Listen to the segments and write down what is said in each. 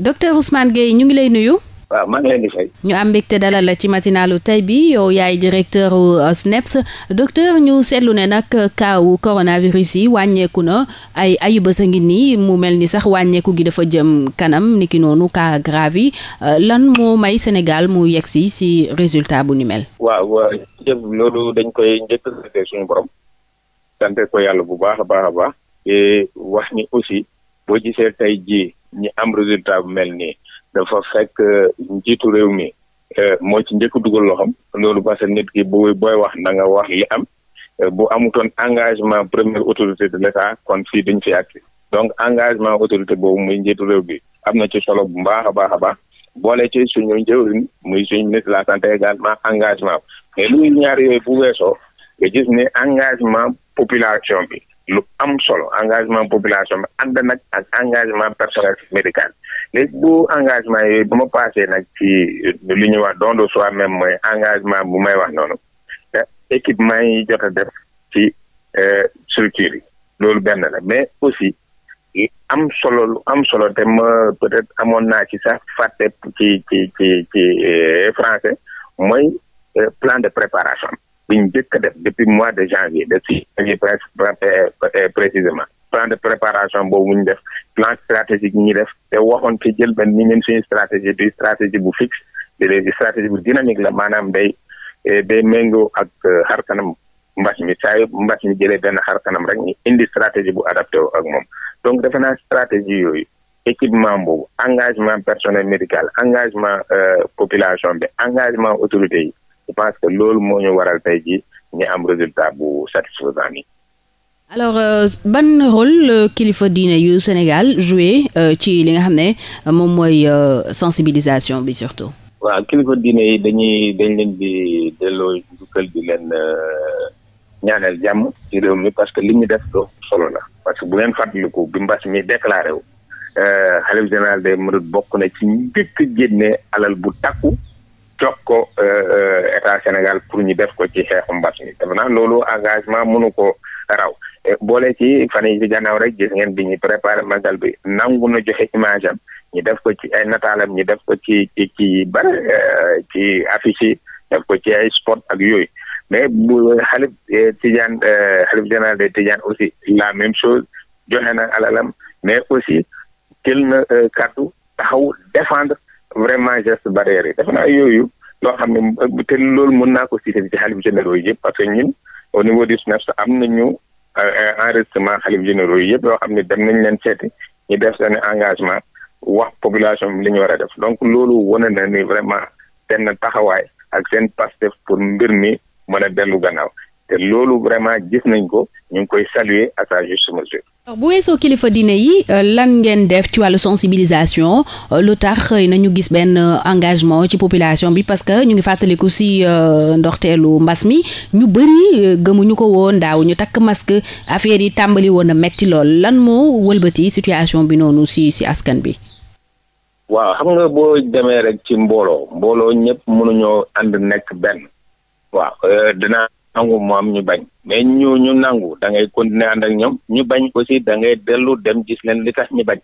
docteur Ousmane Gueye ñu ngi lay nuyu. waaw maa leen di fay. ñu am mbégte dalal la ci matinalu tey bi yow yaay directeur euh, SNEIPS dokter ñu seetlu ne nag euh, kaawu coronavirus yi wàññeeku na ay ayubés a ngi nii mu mel ni sax wàññeeku gi dafa jëm kanam niki noonu cas grave euh, lan moo may Sénégal mu yegg si si résultat bu ni mel. waaw jëf loolu dañ koy njëkk suñu borom. sant ko yàlla bu baax a baax te wax ni aussi boo gisee tey jii. ñi am résultat bu mel nii dafa fekk njiitu réew mi euh, moo ci njëkk dugal loxam loolu parce que nit ki bu booy wax na nga wax yi am euh, bu amutoon engagement première autorité de l'État kon fii dañ fi àgg donc engagement autorité boobu muy njiitu réew bi am na ci solo bu baax a baax a baax boole ci suñu njëwriñ muy suñu ministre de la santé également engagement mais luy ñaar yooyu bu weesoo nga gis ni engagement population bi lu am solo engagement population bi ànd nag ak engagement personnel médical léegi bu engagement yooyu bu ma paasee nag ci li ñuy wax don de soi mooy engagement bu may wax noonu équipement yi jot a def ci euh, structure yi loolu benn la mais aussi am solo lu am solo te ma peut-être amoon naa ci sax fàtte ci ci ci ci euh, français mooy euh, plan de préparation bi ñu njëkk a def depuis mois de janvier de si janvier presque eh, précisément plan de préparation boobu ñu def plan stratégique ñu def te waxoon ci jël benn ni ñun suñu stratégie du stratégie bu fixe de léegi stratégie bu dynamique la maanaam day eh, day méngoo ak eh, xar kanam mbas mi saa yu mbas mi jëlee benn xar kanam rek ñu indi stratégie bu adapté wu ak moom donc defe naa stratégie yooyu équipement boobu engagement personnel médical engagement population bi engagement autorités yi je pense que loolu moo ñu waral tey ji ñu am résultat bu satisfaisant nii alors euh, ban rôle euh, kilifa diine yu Sénégal joué euh, ci li nga xam ne moom mooy sensibilisation bi surtout. waaw kilifa diine yi dañuy dañ leen di delloo njukkal di leen ñaanal jàmm ci réew parce que li ñu def do solo la parce que bu ngeen fàttaliku bi mbas mi déclaré wu xalif général des mourides bokk na ci njëkk génne alal bu takku. jox ko euh, euh, état Sénégal pour ñu def ko ci xeexu mbas mi dama na loolu engagement munu ko raw boole ci fan yi rek gis ñu préparé magal bi nangu na joxe image am ñu def ko ci ay nataalam ñu def ko ci ci ci bare euh, ci affiche yi def ko ci ay sport ak yooyu mais bu xalif Tidiane xalif général de Tidiane aussi la même chose joxe na alalam mais aussi jël na kàddu taxaw défendre vraiment geste barrière yi defe naa yooyu loo xam ne te loolu mën na ko cité ci xalif généraux yëpp parce que ñun au niveau du SNES e am ñu euh, enregistrement xalif généraux yi yëpp yoo xam ne dem nañ leen seeti ñu def seen engagement wax population bi li ñu war a def donc loolu wane na ni vraiment seen taxawaay ak seen pastef pour mbir mi mën a dellu gannaaw te loolu vraiment gis nañ ko ñu ngi koy saluer à sa juste mesure. bu weesoo kilifa dine yi euh, lan ngeen def ci wàllu sensibilisation euh, lu tax nañu gis benn euh, engagement ci population bi parce que ñu ngi fàttaliku si ndoxteelu mbas mi ñu bëri gëmuñu ko woon daaw ñu takk masque affaire yi tàmbali woon a metti lool lan moo wëlbati situation bi noonu si si askan bi. waaw xam nga boo demee rek ci mbooloo mbooloo ñëpp mënuñoo ànd nekk benn. waaw dinaa nangu mu am ñu bañ mais ñu ñu nangu da ngay continuer ànd ak ñoom ñu bañ aussi da ngay dellu dem gis leen li tax ñi bañ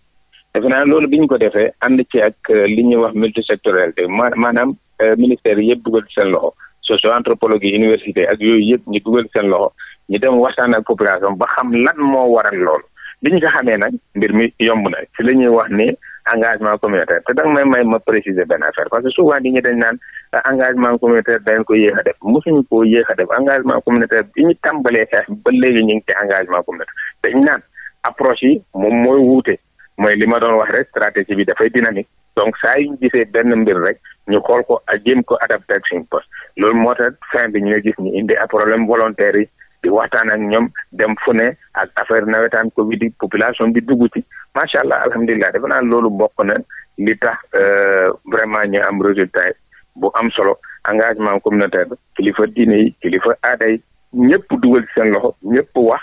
defe naa loolu bi ko defee ànd ci ak euh, li ñuy wax multisectorialité maanaam euh, ministère yëpp dugal seen loxo socio anthropologie université ak yooyu yëpp ñu dugal seen loxo ñu dem waxtaan ak population ba xam lan moo waral lool bi ñu ko xamee nag mbir mi yomb na ci la ñuy wax ni engagement communautaire te danga may may ma préciser benn affaire parce que souvent nit ñi dañ naan ah, engagement communautaire dañ ko yéex a def mosuñu koo yéex def engagement communautaire bi ñu tàmbalee xeex ba léegi ñu ngi ci engagement communautaire dañ naan approche yi moom mooy wuute mooy li ma doon wax rek stratégie bi dafay dynamique donc saa yu ñu gisee benn mbir rek ñu xool ko a jéem ko adapté ak suñu poste loolu moo tax fin bi ñu ngi gis ñu indi a problème volontaire yi di waxtaan ak ñoom dem fu ne ak affaire nawetaan Covid yi population bi dugg ci macha allah alhamdulilah defe naa loolu bokk na li tax euh, vraiment ñu am résultat bu am solo engagement communautaire kilifa diine yi kilifa aada yi ñëpp dugal ci seen loxo ñëpp wax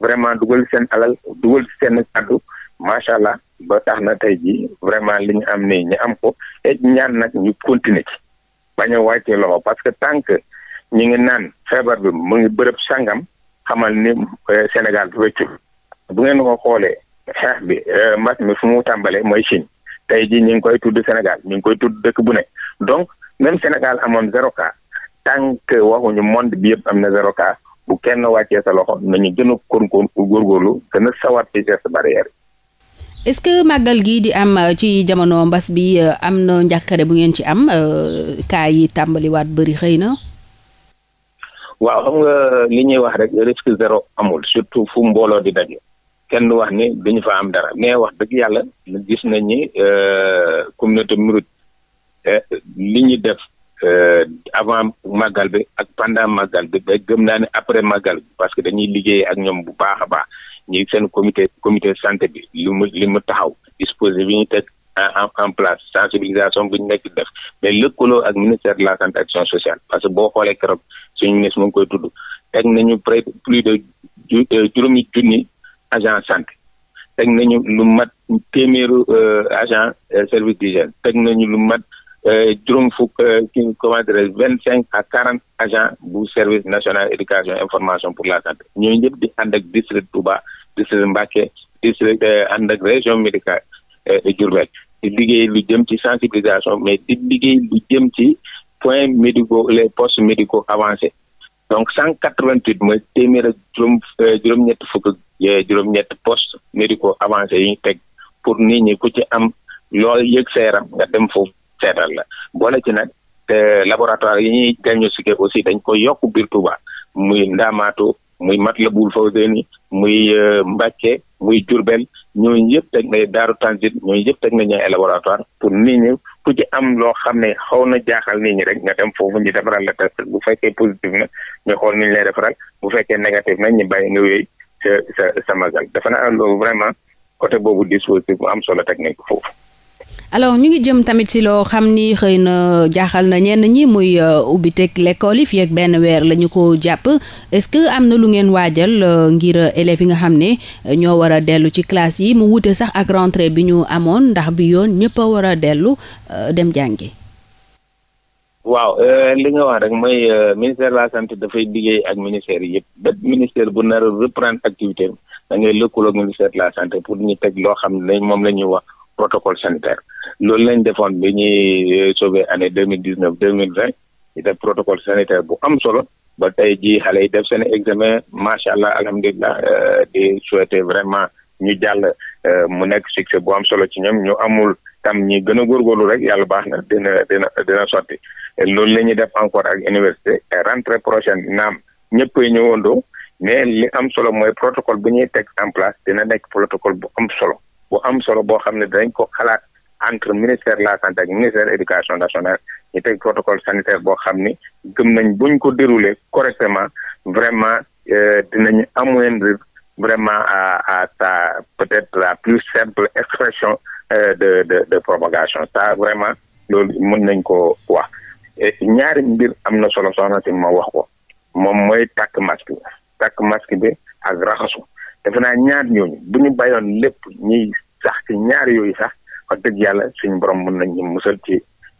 vraiment dugal ci seen alal dugal ci seen addu macha allah ba tax na tey jii vraiment li ñu am nii ñu am ko et ñaan nag ñu continuer ci bañ a wàccee loxo parce que tant que ñu ngi naan feebar bi mu ngi bërëb sangam xamal ni eh, Sénégal wéccul bu ngeen ko xoolee xeex bi eh, mbas mi fu mu tàmbalee mooy Chine tey jii ñu ngi koy tudd senegal ñu ngi koy tudd dëkk bu ne donc même Sénégal amoon zéro cas tant waxuñu monde bi yëpp am na zéro cas bu kenn wàccee sa loxo nañu gën a góorgóorlu gën a sawar ci geste barrière est-ce que màggal gii di am eh, ci jamono mbas bi am na njàqare bu ngeen ci am cas yi tàmbaliwaat bëri xëy na. waaw xam nga li ñuy wax rek risque zéro amul surtout fu mbooloo di daje kenn wax ni dañu fa am dara mais wax dëgg yàlla gis nañ ni euh, communauté mouride euh, li ñu def euh, avant màggal bi ak pendant màggal bi ba gëm naa ni après màggal bi parce que dañuy liggéey ak ñoom bu baax a baax ñi seen comité comité santé bi li mu mu taxaw disposé bi ñu teg en en place sensibilisation bi ñu nekk def mais lëkkaloo ak ministère de la santé action sociale parce que boo xoolee keroog suñu ministre mu ngi koy tudd teg nañu près plus de euh, juróomi junni agent santé teg nañu lu mat téeméeru euh, agent euh, service d'hygiène teg nañu lu mat juróom fukk ki comment dirais vingt cinq à quarante agent bu service national éducation information pour la santé ñoo ñëpp di ànd ak district Touba district Mbacké district ànd ak région médicale Diourbel di liggéey lu jëm ci sensibilisation mais di liggéey lu jëm ci points médicaux les postes médicaux avancés donc cent quatre vingt huit mooy téeméer ak juróom euh, ñett fukk ak euh, juróom-ñett postes médicaux avancés yi ñu teg pour nit ñi ku ci am lool yëg sa yaram nga dem foofu seetal la boole ci nag euh, laboratoire yi ñuy diagnostiqué aussi dañ ko yokk biir Touba muy Ndamaatu muy Matlabul Fawzeyni muy Mbacke muy Diourbel ñooñu yëpp teg na Daaru Tanzil ñooñu yëpp teg nañ ay laboratoire pour nit ku ci am loo xam ne xaw na jaaxal nit ñi rek nga dem foofu ñu defaral na test bu fekkee positif na ñu xool ni le lay defaral bu fekkee négatif na ñu bàyyi nga wéy sa sa sa dafa na loolu vraiment côté boobu dispositif bu am solo teg nañ ko foofu. alors ñu ngi jëm tamit ci loo xam ni xëy na jaaxal na ñenn ñi muy euh, ubbi teg l'école yi fii ak benn weer lañu ko jàpp est-ce que am na lu ngeen waajal euh, ngir euh, élèves yi nga xam ne ñoo war a dellu ci classe yi mu wute sax ak rentrée bi ñu amoon ndax bi yoon ñëpp a war a dellu dem jàngi. waaw li nga wax rek mooy ministère de la santé dafay liggéey ak ministère yëpp bépp ministère bu nar a reprendre activité da ngay lëkkaloo ak ministère de la santé pour ñu teg loo xam ne moom la ñuy wax. protocole sanitaire loolu lañ defoon bi ñuy euh, sauver année deux mille dix neuf deux mille vingt ñu def protocole sanitaire bu am solo ba tey jii xale yi def seen examen macha allah alhamdulilah euh, di souhaiter vraiment ñu jàll euh, mu nekk succès bu am solo ci ñoom ñu amul tam ñi gën a góorgóorlu rek yàlla baax na dina dina dina sotti loolu la ñuy def encore ak université rentre prochaine naam ñëpp ñëwandoo mais li am solo mooy protocole bu ñuy teg en place dina nekk protocole bu am solo. bu am solo boo xam ne dañ ko xalaat entre ministère la santé ak ministère éducation nationale ñu teg protocole sanitaire boo xam ni gëm nañ buñ ko dérouler correctement vraiment euh, dinañ amoindrir vraiment à à sa peut-être la plus simple expression euh, de de de propagation ça vraiment loolu mën nañ ko wax ñaari mbir am na solo soxna si ma wax ko moom mooy takk masque bi takk masque bi ak raxasu defe naa ñaar ñooñu bu ñu bàyyoon lépp ñuy sax ci ñaar yooyu sax wax yàlla suñu borom mën nañ ñu musal ci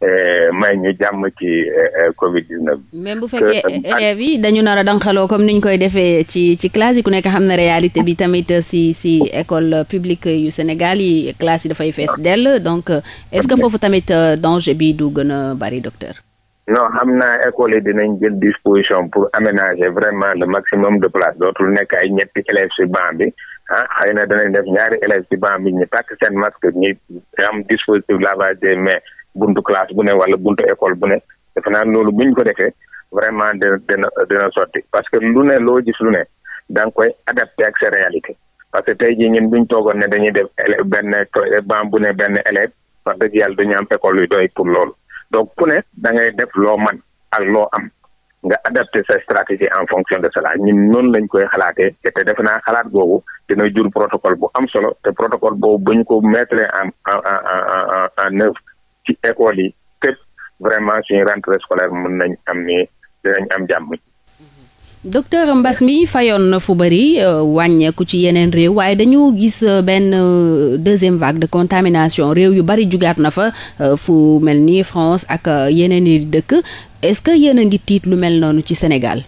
eh, may ñu jàmm ci eh, eh, Covid 19. même bu fekkee euh, élèves yi dañu nar a danxaloo comme ñu koy defee ci ci classe yi ku nekk xam na réalité bi tamit si si école publique yu Sénégal yi classe yi dafay fees ah. dell donc est-ce que foofu tamit euh, danger bi du gën a bari docteur. non xam naa école yi dinañ jël disposition pour aménager vraiment le maximum de place dootul nekk ay ñetti élèves ci banc bi ah, xay na danañ def ñaari élèves ci banc bi ñu takk seen masque ñi am dispositif lavage des mains buntu classe bu ne wala buntu école bu ne defe naa loolu bu ñu ko defee vraiment de dina dina sotti parce que lu ne loo gis lu ne da nga koy adapté ak sa réalité parce que tey jii ñun bu ñu toogoon ne dañuy def élève benn bu ne benn élève wax dëgg yàlla dañu am école yu doy pour loolu. donc ku ne da ngay def loo man ak loo am nga adapté sa stratégie en fonction de cela ñun noonu lañ koy xalaatee te te defe naa xalaat boobu dina jur protocole bu am solo te protocole boobu ba ñu ko mettre en en en en œuvre ci école yi fépp vraiment suñu rentrée scolaire mën nañ am ni dinañ am jàmm docteur mbas mi fayoon na fu bëri euh, wàññeeku ci yeneen réew waaye dañu gis euh, benn euh, deuxième vague de contamination réew yu bëri jugaat na fa fu mel ni France ak yeneen i dëkk est-ce que yéen a ngi tiit lu mel noonu ci senegal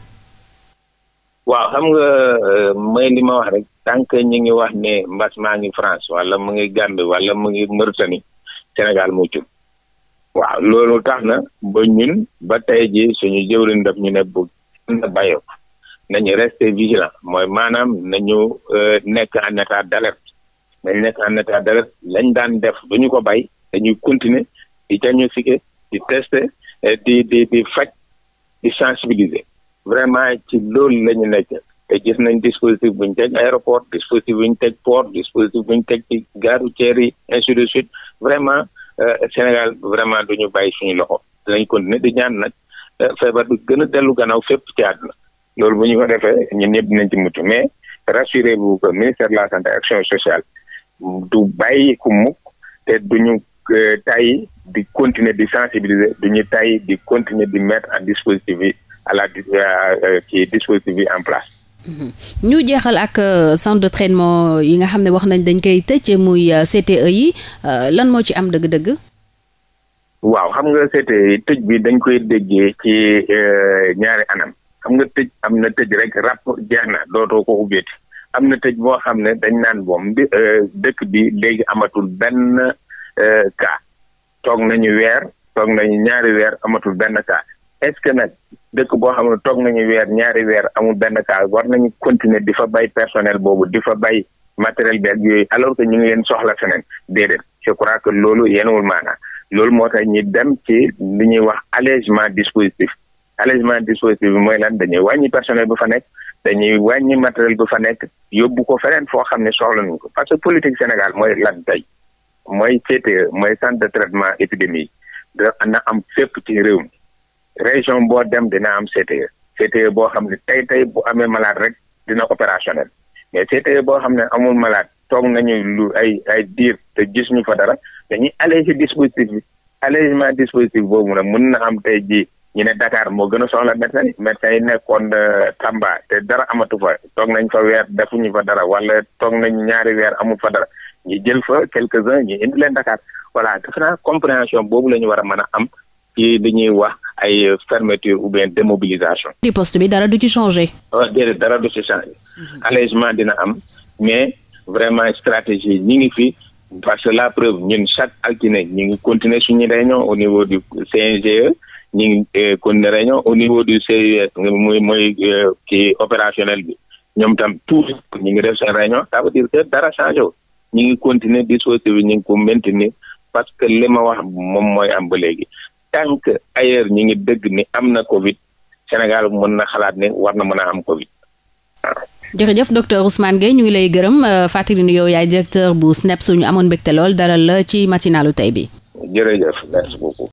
waaw xam nga may li ma wax rek tant que ñu ngi wax ne mbas maa ngi France wala mu ngi Gambie wala mu ngi Mauritanie Sénégal muccul waaw loolu tax na ba ñun ba tey ji suñu jëwriñ daf ñu ne bu na nañu rester vigilant mooy maanaam nañu euh, nekk en état d'alerte nañ nekk en état d'alerte lañ daan def du ko bay dañuy continuer di diagnostiquer di tester di di di faj di sensibiliser vraiment ci loolu la ñu nekk te gis nañ dispositif bu ñu teg aéroport dispositif bu ñu teg port dispositif bu ñu teg ci gare routière yi ainsi de suite vraiment euh, Sénégal vraiment duñu bay bàyyi suñu loxo dinañ continuer di ñaan nag euh, feebar bi gën a dellu gannaaw fépp ci àdduna loolu bu ñu ko defee ñun ñëpp nañ ci mucc mais rassurez bu que ministère de la santé action sociale du bàyyi ku mukk te duñu euh, tay di continuer di sensibiliser duñu tay di continuer di mettre en dispositif yi à la ci euh, euh, dispositif yi en place mm-hmm. ñu jeexal ak centre de traitement yi nga xam ne wax nañ dañ koy tëj muy CTE yi lan moo ci am dëgg-dëgg waaw xam nga CTE yi tëj bi dañ koy déggee ci ñaari anam xam nga tëj am na tëj rek ràpp jeex na dootoo ko ubbeeti am na tëj boo xam ne dañ naan boom bi euh, dëkk bi léegi amatul benn euh, cas toog nañu weer toog nañu ñaari weer amatul benn cas est nag dëkk boo xam ne toog nañu weer ñaari weer amul benn cas war ñu continuer di fa bay personnel boobu di fa bay matériel bi ak yooyu alors que ñu ngi leen soxla feneen déedéet je crois que loolu yenuwul maanaa loolu moo ta ñi dem ci li ñuy wax allègement dispositif allègement dispositif bi mooy lan dañuy wàññi personnel bu fa nekk dañuy wàññi matériel bu fa nekk yóbbu ko feneen foo xam ne soxla nañ ko parce que politique Sénégal mooy lan tey mooy CTE mooy centre de traitement épidémie dana am fépp ci réew mi région boo dem dina am CTE CTE boo xam ne tey tey bu amee malade rek dina opérationnel mais CTE boo xam ne amul malade toog nañu lu ay ay diir te gis ñu fa dara dañuy allégé dispositif bi allégement dispositif boobu nag mën na am tey jii ñu ne Dakar moo gën a soxla médecin médecin yi nekkoon euh, Tamba te dara amatu fa toog nañ fa weer defuñu fa dara wala toog nañ ñaari weer amul fa dara ñu jël fa quelques uns ñu indi leen Dakar voilà defe compréhension boobu la ñu war a mën a am ci li ñuy wax ay fermeture ou bien démobilisation. di poste bi dara du ci changé. Oh, dara du ci changé. Mhm. allègement dina am mais vraiment stratégie ñi ngi fi. parce que la preuve ñun chaque altine ñu ngi continuer suñu réunion au niveau du CNGE. ñu ngi continué euh, réunion au niveau du CIS muy mooy euh, kii opérationnel bi ñoom tam tout ñu ngi def seen réunion ça veut dara changé ñu ngi continuer dispositif bi ñu ngi ko maintenir parce que li ma wax moom mooy am ba léegi tant que ailleurs ñu ngi dëgg ni am na Covid Sénégal mën na xalaat ne war na mën a am Covid waaw. jërëjëf docteur Ousmane Gueye ñu ngi lay gërëm euh, fàttali ni yow yaay directeur bu SNEP ñu amoon mbégte lool dara la ci matinalu tey bi. jërëjëf merci